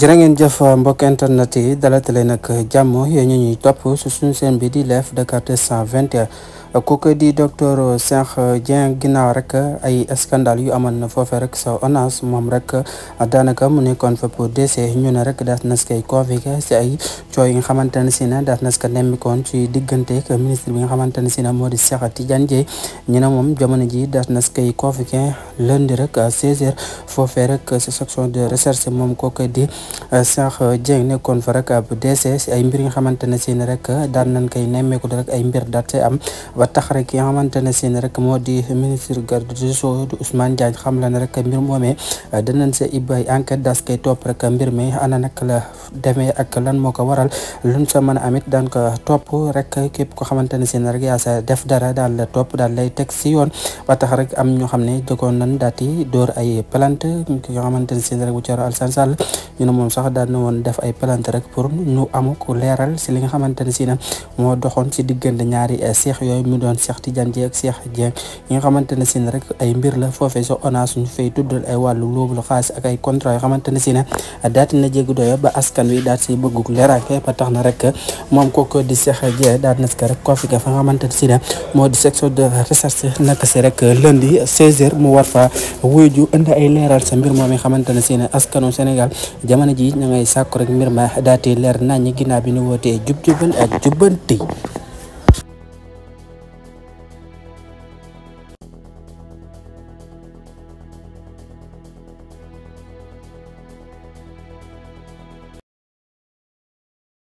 jërë ngeen jëf mbokk internet yi dalatale nag jàmm yéen ñu ñuy topp su suñu seen bi di Leef Dakar 221 kooku di docteur euh, Cheikh euh, Dieng ginnaaw rek euh, ay scandale yu amoon na foofee rek sa ONAS moom rek daanaka mu nekkoon fa pour ñu ne rek daas nas koy convoqué si ay cooy yi nga xamante ne si ne daas nas ko nemmikoon ci diggante ministre bi nga xamante ne si ne moo di Cheikh Tidiane Dièye ñu ne moom jamono ji daas nas koy convoqué lundi rek à 16 rek sa section de recherche moom kooku di Cheikh Dieng nekkoon fa rek ab si ay mbir yi nga xamante ne si rek daan nañ koy nemmeeku rek ay mbir daat am. tax rek yi nga seen rek modi ministre garde des sceaux du Ousmane Diagne xam la rek mbir moomee danañ sa ibay enquête das koy topp rek mbir mi ana nak la démé ak lan moko waral luñ sa mën amit daan ko top rek képp ko xamantene seen rek ya sa def dara dal la top dal lay tek ci yoon ba tax rek am ñu xamné ne nañ dati door ay plante ñu nga xamante seen rek bu ci al Alassane sal ñu ne moom sax daan na won def ay plante rek pour ñu amu ko léral ci li nga xamantene seen mo na ci digënd ñaari seex yoy mi doon Cheikh Tidiane Dieng ak Cheikh Dieng yi nga xamante ne si ne rek ay mbir la foofee sa ONAS ñu fay tuddal ay wàllu loobul xaalis ak ay contrat yoo xamante ne si ne daati na jéggi doyo ba askan wi daat si bëgguk tax na rek moom kooku di Cheikh Dieng na si rek koo si moo di section de recherche nak si rek lundi 16h mu war fa wuyu ju sa mbir moom yi xamante ne si askanu Sénégal jamono ji ña ngay sàkku rek mbir ma daati leer nañ ñi ginnaaw bi ñu wootee jub jubal ak